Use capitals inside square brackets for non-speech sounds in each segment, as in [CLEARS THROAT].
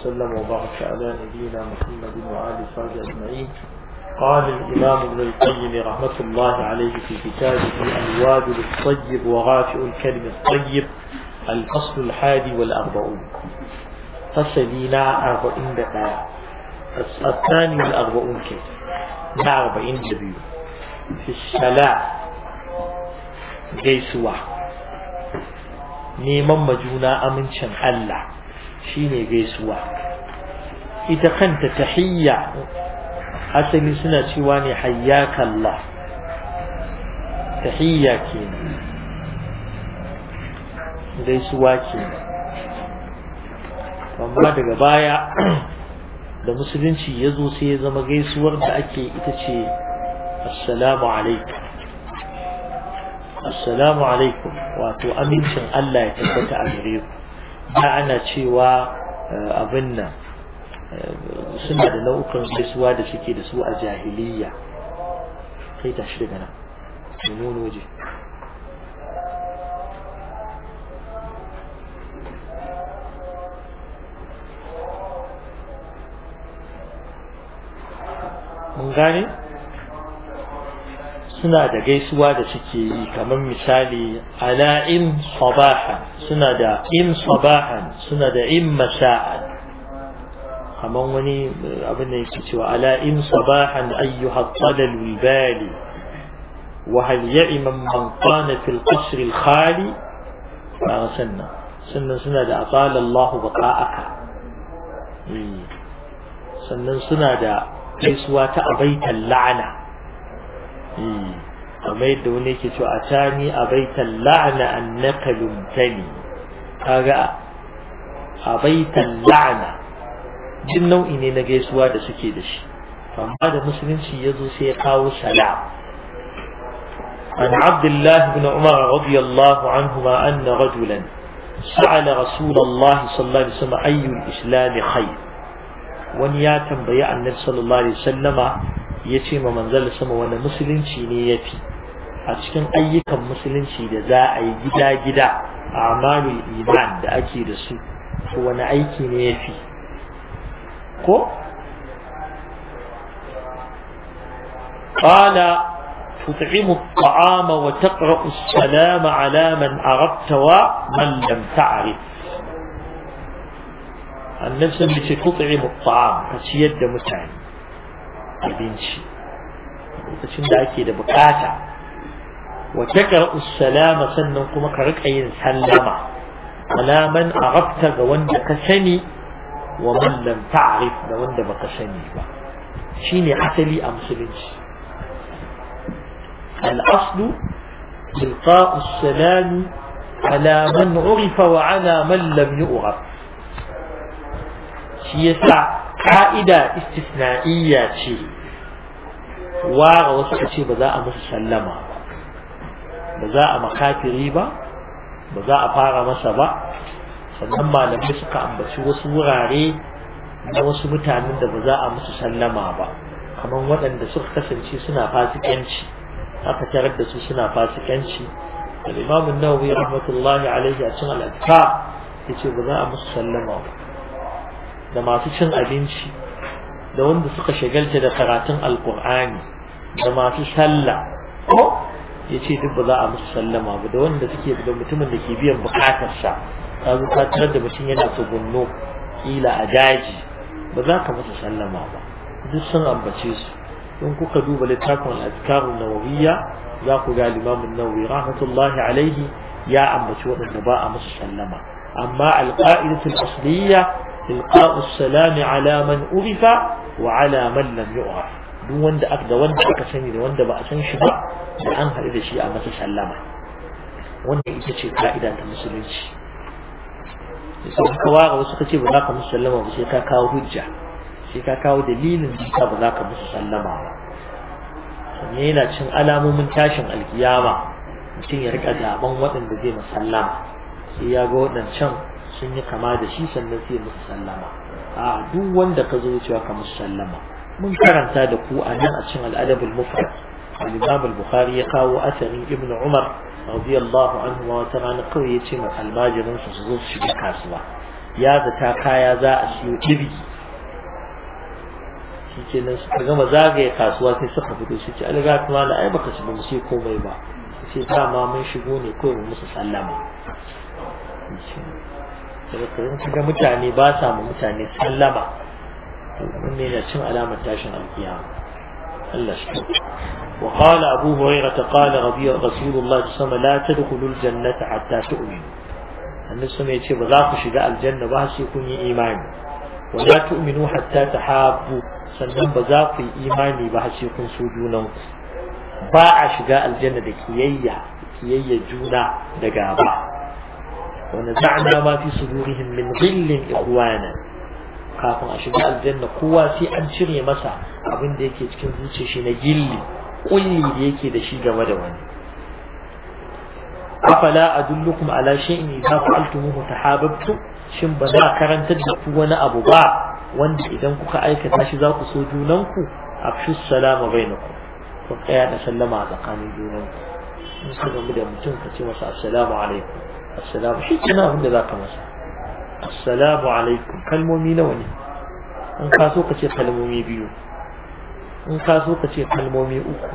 وسلم وبارك على نبينا محمد وعلى فرد أجمعين قال الإمام ابن القيم رحمة الله عليه في كتابه الوابل الطيب وغافئ الكلم الطيب الفصل الحادي والأربعون فسلينا أربعين دقائق الثاني والأربعون كيف أربعين دبيو في الشلاء جيسوة نيمان مجونا أمنشن الله shine gaisuwa ita kanta tahiyya asali suna cewa ne hayyaka Allah tahiyya kenan gaisuwa kenan amma daga baya [CLEARS THROAT] da musulunci ya zo sai ya zama gaisuwar da ake ita ce assalamu alaikum assalamu alaikum wato amincin Allah ya tabbata a gare ku da ana cewa eh, abin nan eh, suna da nau'ukan gaisuwa da suke da su a jahiliya kai tashi daga nan domin waje mun gane suna da gaisuwa da suke yi kamar misali ala in sabahan suna da in sabahan suna da in masa'an kamar wani abin da yake cewa ala in sabahan ayyuha talal wilbali wa hal ya'ima man qana fil qasr al khali ba sannan sannan suna da atala Allah baqa'aka sannan suna da gaisuwa ta abaitan la'ana Hmm. kamar yadda wani yake cewa a tani a baitan la'ana annaka lumtani kaga a baitan la'ana jin nau'i ne na gaisuwa da suke da shi amma da musulunci ya zo sai ya kawo salam عن عبد الله بن عمر رضي الله عنهما أن رجلا سأل رسول الله صلى الله عليه وسلم أي الإسلام خير ونياتا بيع النبي صلى الله عليه وسلم yace ma manzala sama wanda musulunci ne yafi a cikin ayyukan musulunci da za a yi gida-gida a amalul iman da ake da su ko wani aiki ne yafi ko tutimu ta'ama wa ya fi ko? قال تطعم الطعام وتقرأ السلام على من عرفت ومن لم تعرف النفس التي ka ciyar da mutane abinci lokacin da ake da bukata wa taqra'u salama sannan kuma ka rika yin sallama ala man arabta ga wanda ka sani wa man lam ta'rif da wanda baka sani ba shine asali a musulunci al-aslu ilqa'u salam ala man urifa wa ala man lam yu'raf shi yasa ka'ida istisna'iyya ce wara wasu ka ce ba za a musu sallama ba ba za a makafiri ba ba za a fara masa ba sannan malamai suka ambaci wasu wurare na wasu mutanen da ba za a musu sallama ba kamar waɗanda suka kasance suna fasikanci aka tarar da su suna fasikanci al-imam an-nawawi rahmatullahi alaihi a cikin al-adka yace ba za a musu sallama ba da masu cin abinci da wanda suka shagalta da karatun alkur'ani da masu sallah ko ya ce duk ba za a musu sallama ba da wanda suke da mutumin da ke biyan bukatarsa ka zo ka tarar da mutum yana tsugunno kila a daji ba za ka musu sallama ba duk sun ambace su in kuka duba littafin al'adkarun nawawiyya za ku ga limamin nawawi rahmatullahi alaihi ya ambaci waɗanda ba a musu sallama amma alƙa'idatul asliyya إلقاء السلام على من wa وعلى من لم يعرف duk wanda aka ga wanda aka sani da wanda ba a san shi ba da an haɗu da shi a masa sallama wannan ita ce ka'ida ta musulunci sai ka wara wasu kace ba za ka musu sallama ba sai ka kawo hujja sai ka kawo dalilin da ka ba za ka musu sallama ba sannan yana cin alamomin tashin alkiyama mutum ya rika zaɓen waɗanda zai musallama sai ya ga waɗancan sun yi kama da shi sannan sai musu sallama a duk wanda ka zo cewa ka musu sallama mun karanta da ku a nan a cikin al'adabul mufrad al-imam al-bukhari ya kawo asarin ibnu umar radiyallahu anhu wa wata rana kawai ya ce ma almajirin su su zo su shiga kasuwa ya zata kaya za a siyo ɗibi shikenan suka gama zagaye kasuwa sai suka fito su ce alga kuma na ai baka shiga mu komai ba sai dama mun shigo ne kawai mu musu sallama in kaga mutane ba sa mu mutane sallama wannan yana cin alamar tashin alkiyama Allah shi وقال أبو هريرة قال ربي رسول الله صلى الله عليه وسلم لا تدخلوا الجنة حتى تؤمنوا النبي صلى الله لا تشجع الجنة بحسي كوني إيمان ولا تؤمنوا حتى تحابوا sannan ba za ku yi imani ba har sai kun so a shiga aljanna da kiyayya juna da gaba ونزعنا ما في صدورهم من ظل إخوانا kafin a shiga aljanna kowa sai an cire masa abin da yake cikin zuciya shi na gilli kulli da yake da shi game da wani afala adullukum ala shay'in idza fa'altumuhu tahabbtum shin ba za karantar da ku wani abu ba wanda idan kuka aikata shi za ku so junanku afshu salama bainakum ku tsaya da sallama a tsakanin junanku in ka gamu da mutum ka ce masa assalamu alaikum assalamu shi ke abin da za ka masa assalamu alaikum kalmomi nawa ne in ka so ka ce kalmomi biyu in ka so ka ce kalmomi uku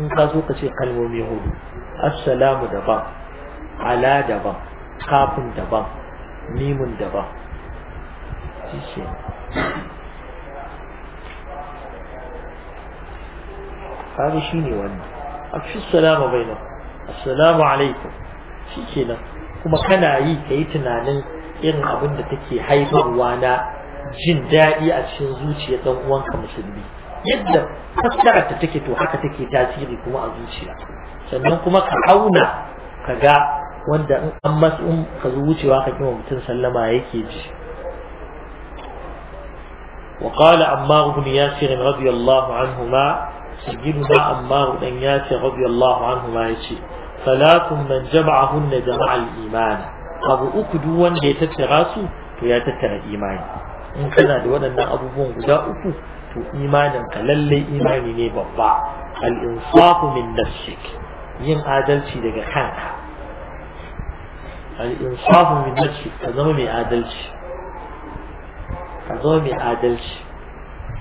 in ka so ka ce kalmomi hudu assalamu daban ala daban kafin daban mimun daban shi ne هذا شيني salama bai nan. بينكم alaikum shi شي كده kuma kana yi kayi tunanin irin abin da take haifarwa na jin daɗi a cikin zuciya ɗan uwanka musulmi yadda fassarar ta take to haka take tasiri kuma a zuciya sannan kuma ka auna ka ga wanda in an masu in ka zo wucewa ka kima mutum sallama yake ji وقال عمار بن ياسر رضي الله عنهما سيدنا عمار بن ياسر رضي الله عنهما salatun man jama'ahunna jama'al imana abu uku duk wanda ya tattara su to ya tattara imani in kana da waɗannan abubuwan guda uku to imanin ka lalle imani ne babba al insafu min nafsik yin adalci daga kanka al insafu min nafsik ka zama mai adalci ka zama mai adalci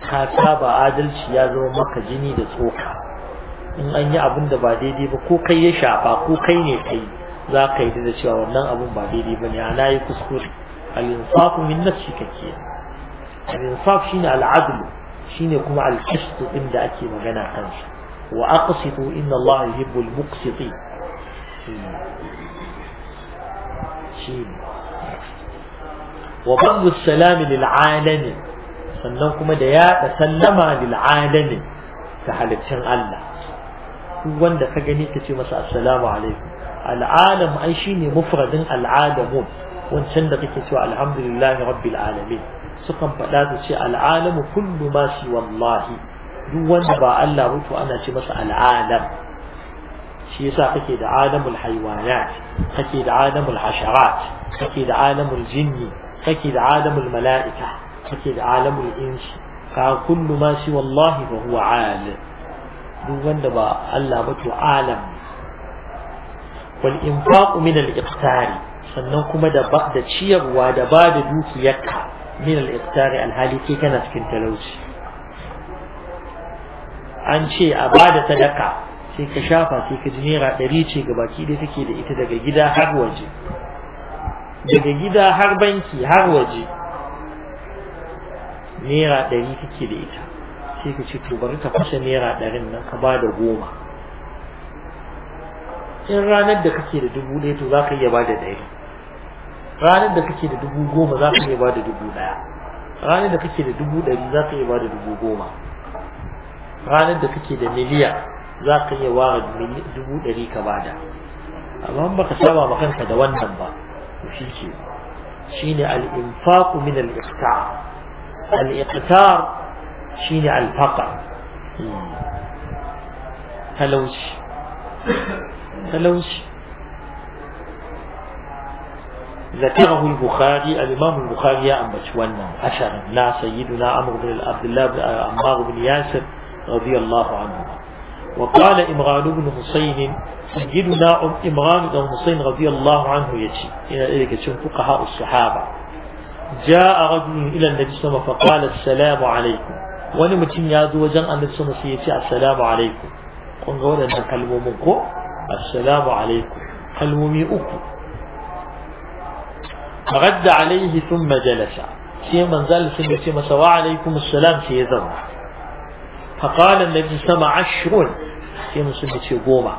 ka saba adalci ya zama maka jini da tsoka in an yi abin da ba daidai ba ko kai ya shafa ko kai ne kai za ka yi da cewa wannan abin ba daidai ba ne ana yi kuskure al-insaf min nafsi kake al-insaf shine al-adl shine kuma al-qist din da ake magana kansa wa aqsitu inna Allah yuhibbul muqsitin shi wa barru salami lil sannan kuma da yaɗa sallama lil alamin ta halittun Allah wanda ka gani ka ce masa assalamu alaikum al'alam ai shine mufradin al'alamun wancan da kake cewa alhamdulillah rabbil alamin sukan fada su ce al'alamu kullu ma shi wallahi duk wanda ba Allah ba to ana ce masa al'alam shi yasa kake da alamul haywanat kake da alamul hasharat kake da alamul jinni kake da alamul mala'ika kake da alamul insi ka kullu ma shi wallahi fa huwa alim duk wanda ba Allah ba to alam wal infaqu min al iqtari sannan kuma da ba da ciyarwa da ba da dukiyarka min al iqtari al hali ke kana cikin talauci an ce a ba da sadaka sai ka shafa sai ka ji naira ɗari ce ga baki da take da ita daga gida har waje daga gida har banki har waje naira ɗari take da ita sai ka ce to bari ka kashe naira ɗarin nan ka ba da goma in ranar da kake da dubu ɗaya to za ka iya ba da ɗari ranar da kake da dubu goma za ka iya ba da dubu ɗaya ranar da kake da dubu ɗari za ka iya ba da dubu goma ranar da kake da miliya za ka iya ware dubu ɗari ka bada amma ba ka saba ma kanka da wannan ba to shi ke shine al-infaqu min al-iqtar shine alfaqa talauci talauci ذكره البخاري الإمام البخاري يا أم ونا أثرا لا سيدنا عمرو بن عبد الله بن عمار بن ياسر رضي الله عنه وقال إمران بن حسين سيدنا إمران بن حسين رضي الله عنه يجي إلى ذلك فقهاء الصحابة جاء رجل إلى النبي صلى الله عليه وسلم فقال السلام عليكم wani mutum ya zo wajen annabi sama sai ya ce assalamu alaikum kun ga waɗannan kalmomin ko assalamu alaikum kalmomi uku رد عليه ثم جلس sai manzal sun ce masa wa alaikum assalam sai ya zauna faqala annabi sama ashrun sai musulmi ce goma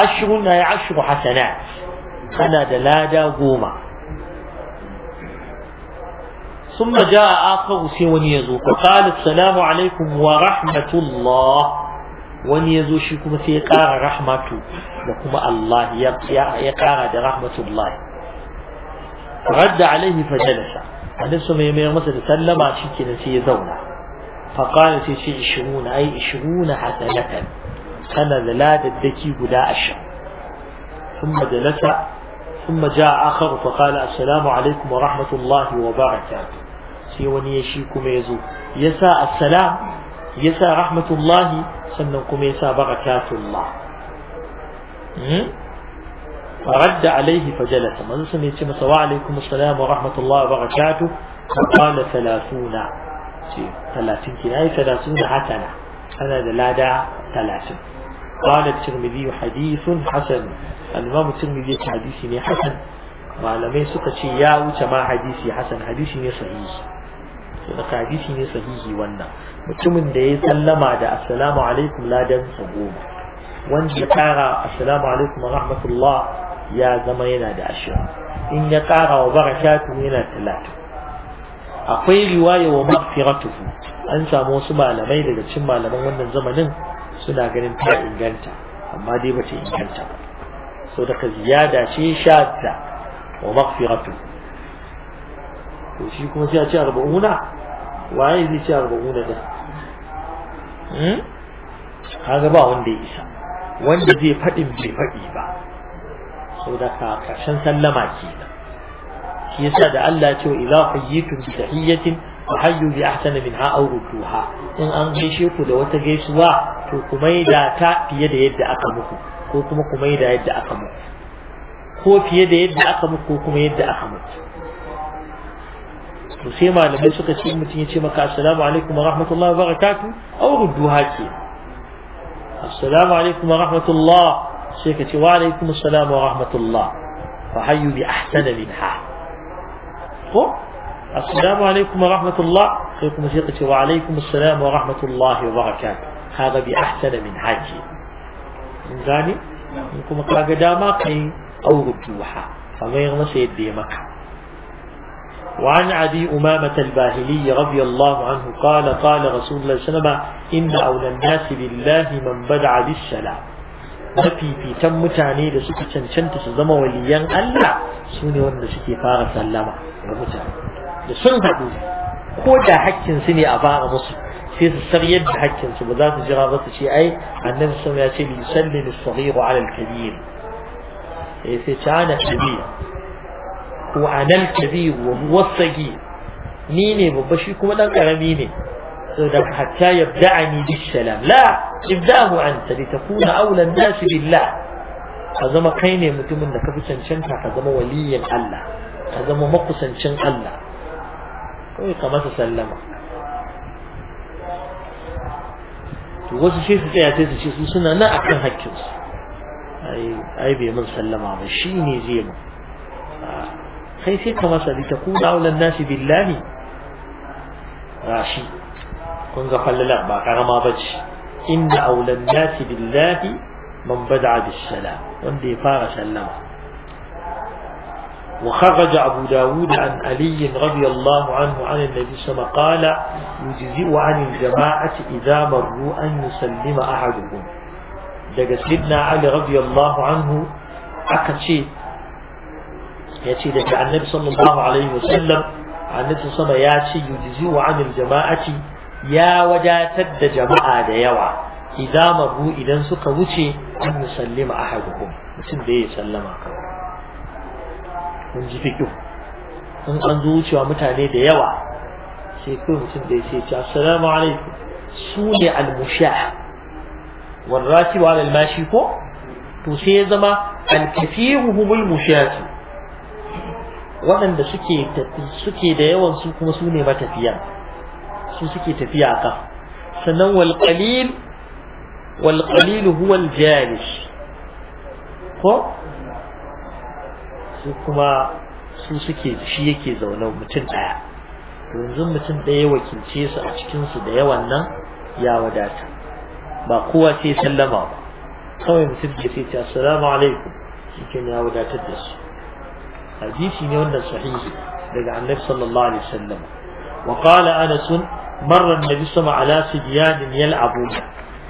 ashrun ya ashru hasanat kana da lada goma ثم جاء آخر سيوني يزو فقال السلام عليكم ورحمة الله وني يزو شكم في يقار رحمة لكم الله يقار رحمة الله رد عليه فجلس فنفسه ما يمير مثل سلم شكنا في يزونا فقال في في عشرون أي عشرون حسنة أنا لا تدكي بلا أشعر ثم جلس ثم جاء آخر فقال السلام عليكم ورحمة الله وبركاته sai wani ya shi kuma ya zo ya sa assalam ya sa rahmatullahi sannan kuma ya sa barakatullah فرد عليه فجلس من سمي تيم عليكم السلام ورحمة الله وبركاته فقال ثلاثون ثلاثين كناية ثلاثون حسنة أنا لا داع ثلاثين قال الترمذي حديث حسن الإمام الترمذي حديث حسن معلمين سكتشي يا وتما حديث حسن حديث صحيح to da hadisi ne sahihi wannan mutumin da ya sallama da assalamu alaikum ladan sa goma wanda ya kara assalamu alaikum wa rahmatullah ya zama yana da ashirin in ya kara wa barakatu yana talatin akwai riwaya wa maghfiratuhu an samu wasu malamai daga cikin malaman wannan zamanin suna ganin ta inganta amma dai bata inganta ba so daga ziyada ce shadda wa maghfiratuhu to shi kuma sai a ce arba'una waye zai ce arba'una da hmm? kaga ba wanda ya isa wanda zai faɗin bai faɗi ba sau da ka ƙarshen sallama kenan shi yasa da Allah ce wa idza hayyitum bi tahiyyatin fa hayyu bi ahsani minha aw rudduha in an gaishe ku da wata gaisuwa to kuma yi da ta fiye da yadda aka muku ko kuma kuma yi da yadda aka muku ko fiye da yadda aka muku ko kuma yadda aka muku to sai malamai suka ce mutun ya ce maka assalamu alaikum wa rahmatullahi wa barakatuh aw rudduha haki assalamu alaikum wa rahmatullah sai ka ce wa alaikum assalam wa rahmatullah fa hayyu bi ahsana minha ko assalamu alaikum wa rahmatullah sai kuma sai ka ce wa alaikum assalam wa rahmatullahi wa barakatu hada bi ahsana min haji in gane kuma kaga dama kai aw rudduha kamar masa yadda ya maka وعن أبي أمامة الباهلي رضي الله عنه قال قال رسول الله صلى الله عليه وسلم إن أولى الناس بالله من بدع بالسلام نفي في تم متاني لسكة شنشن تسزم وليا ألا سوني وانا سكي فارة سلامة ومتاني لسنة دولي كو دا سني أفار مصر في السريد حق سبب ذات جرابة شيء أي أن نفسه يسلم الصغير على الكبير إيه في تعانى كبير وأنا الكبير وموصي نيني ببشيكم أنا كرميني حتى يبدعني بالسلام لا ابدأه أنت لتكون أولى الناس بالله هذا ما كاين متمنى كفتن شنتا هذا ما ولي الله هذا ما مقصن شن الله kawai ka masa sallama to wasu shi su tsaya sai su ce su suna nan akan hakkinsu ai ai bai mun sallama ba zai mu خير في قمصة لتكون أولى الناس بالله راشي كنت قال لا ما كان ما بجش إن أولى الناس بالله من بدع بالسلام وندي فار سلم وخرج أبو داود عن علي رضي الله عنه عن النبي صلى الله عليه وسلم قال يجزئ عن الجماعة إذا مروا أن يسلم أحدهم دقس سيدنا علي رضي الله عنه أكتشيت Ya ce yace daga annabi sallallahu alaihi wasallam annabi sama ya ce yujzi wa anil jama'ati ya wajatar da jama'a da yawa idan mabu idan suka wuce an musallima ahadukum mutum da ya sallama ka. Mun ji fikihu in an zo wucewa mutane da yawa sai kai mutum da ya ce assalamu alaikum su ne al-mushah wal rakibu ala al-mashi ko to sai ya zama al-kafiru humul mushati waɗanda suke suke da yawan su kuma su ne matafiya su suke tafiya a kafa sannan wal qalil huwal qalil huwa jalis ko su kuma su suke shi yake zaune mutum ɗaya to yanzu mutum ɗaya wakilce su a cikinsu da yawan nan ya wadata ba kowa sai sallama ba kawai mutum ke sai ta assalamu alaikum shi ya wadatar da su hadisi ne wannan sahihi daga annabi sallallahu alaihi wasallam wa qala anas marra annabi sama ala sibyan yal'abuna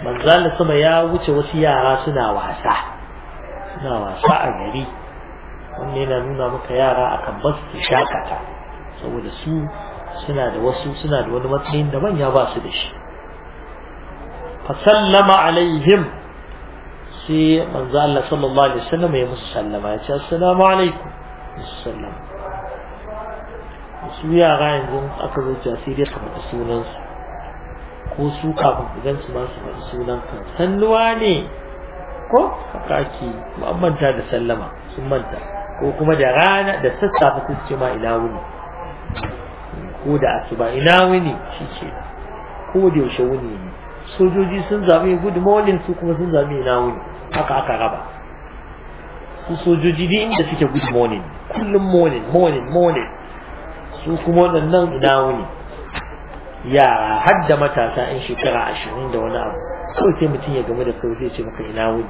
manzo Allah sama ya wuce wasu yara suna wasa suna wasa a gari wannan yana nuna maka yara a kan basu shakata saboda su suna da wasu suna da wani matsayin da manya ba su da shi fa sallama alaihim sai manzo Allah sallallahu alaihi wasallam ya musu sallama ya ce assalamu alaikum sallam su yara yanzu aka zo cewa sai dai ka faɗi sunansu ko su kafin idan su masu faɗi sunan ka sannuwa ne ko haka ake an manta da sallama sun manta ko kuma da rana da sassafe sun ce ma ina wuni ko da asuba ina wuni shi ce ko da yaushe wuni ne sojoji sun zaɓi good morning su kuma sun zaɓi ina wuni haka aka raba su sojoji duk inda suke good morning kullum morning morning morning su kuma waɗannan ina wuni yara har da matasa in shekara ashirin da wani abu kawai sai mutum ya game da kawai zai ce maka ina wuni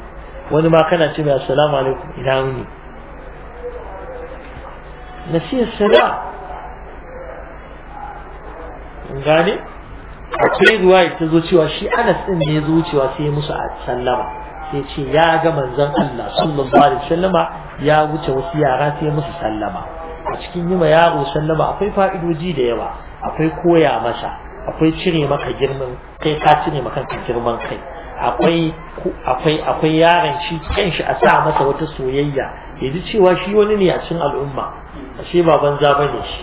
wani ma kana ce mai assalamu alaikum ina wuni nasiyar sana gane akwai ruwa ta zo cewa shi anas din ne ya zo sai ya musu a sallama sai ce ya ga manzon Allah sallallahu alaihi wasallama ya wuce wasu yara sai musu sallama a cikin yima yaro sallama akwai fa'idoji da yawa akwai koya masa akwai cire maka girman kai ka cire maka girman kai akwai akwai akwai yaron shi kanshi a sa masa wata soyayya ya ji cewa shi wani ne a cikin al'umma ashe ba banza bane shi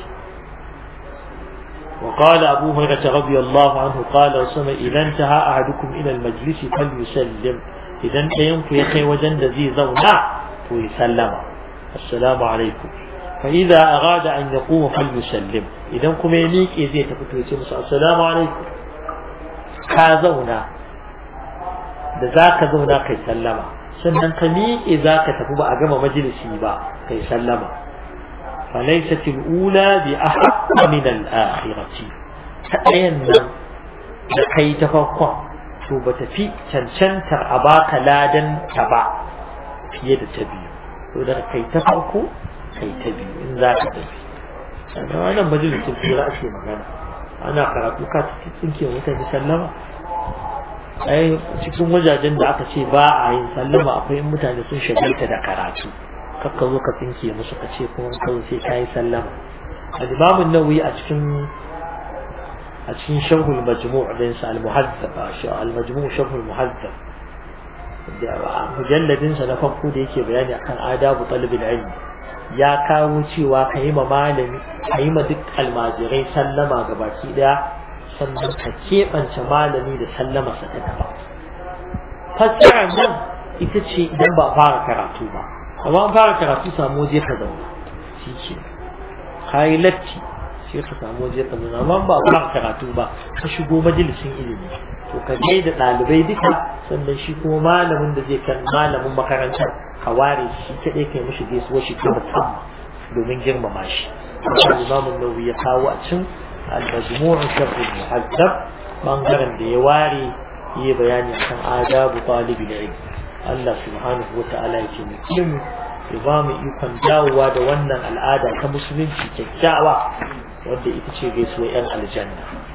وقال أبو هريرة رضي الله عنه قال وسمى إذا انتهى أحدكم إلى المجلس فليسلم إذن تيمك يخي وجن ذي زونا ويسلم السلام عليكم فإذا أغاد أن يقوم فليسلم إذن كمينيك إذن تكتب يسلم السلام عليكم كازونا ذاك زونا كي سلم سنن كمينيك إذا كتبوا أجمع مجلس نبا كي سلم فليست الأولى بأحق من الآخرة تأينا لكي تفقوا to ba ta fi cancantar a baka ladan ta ba fiye da ta biyu to da kai ta farko kai ta biyu in za ka tafi sannan wannan majalisun tura ake magana ana karatu ka tsinke mutane sallama ai cikin wajajen da aka ce ba a yin sallama akwai mutane sun ta da karatu kakka zo ka tsinke musu ka ce kuma kawai sai ka yi sallama a imamun nauyi a cikin a cikin sharhul majmu' bin sa al-muhaddab al-majmu' muhaddab mujalladin sa na farko da yake bayani akan adabu talibul ilm ya kawo cewa ka yi ma malami duk almajirai sallama ga baki daya sannan ka keɓance malami da sallama sa ta fassara nan ita ce idan ba fara karatu ba amma fara karatu samu waje ka zauna shi ke latti sai ka samu waje ka nuna man ba ba karatu ba ka shigo majalisin ilimi to ka gai da ɗalibai duka sannan shi kuma malamin da zai kan malamin makarantar ka ware shi kaɗai kai mishi gaisuwa shi ta musamman domin girmama shi imamun nauyi ya kawo a cin al-majmu'u sharh al-muhaddab bangaren da ya ware yi bayani kan adabu da ilm Allah subhanahu wa ta'ala ya ce mu ya ba mu ikon dawowa da wannan al'ada ta musulunci kyakkyawa wadda ita ce gaisuwa 'yan aljanna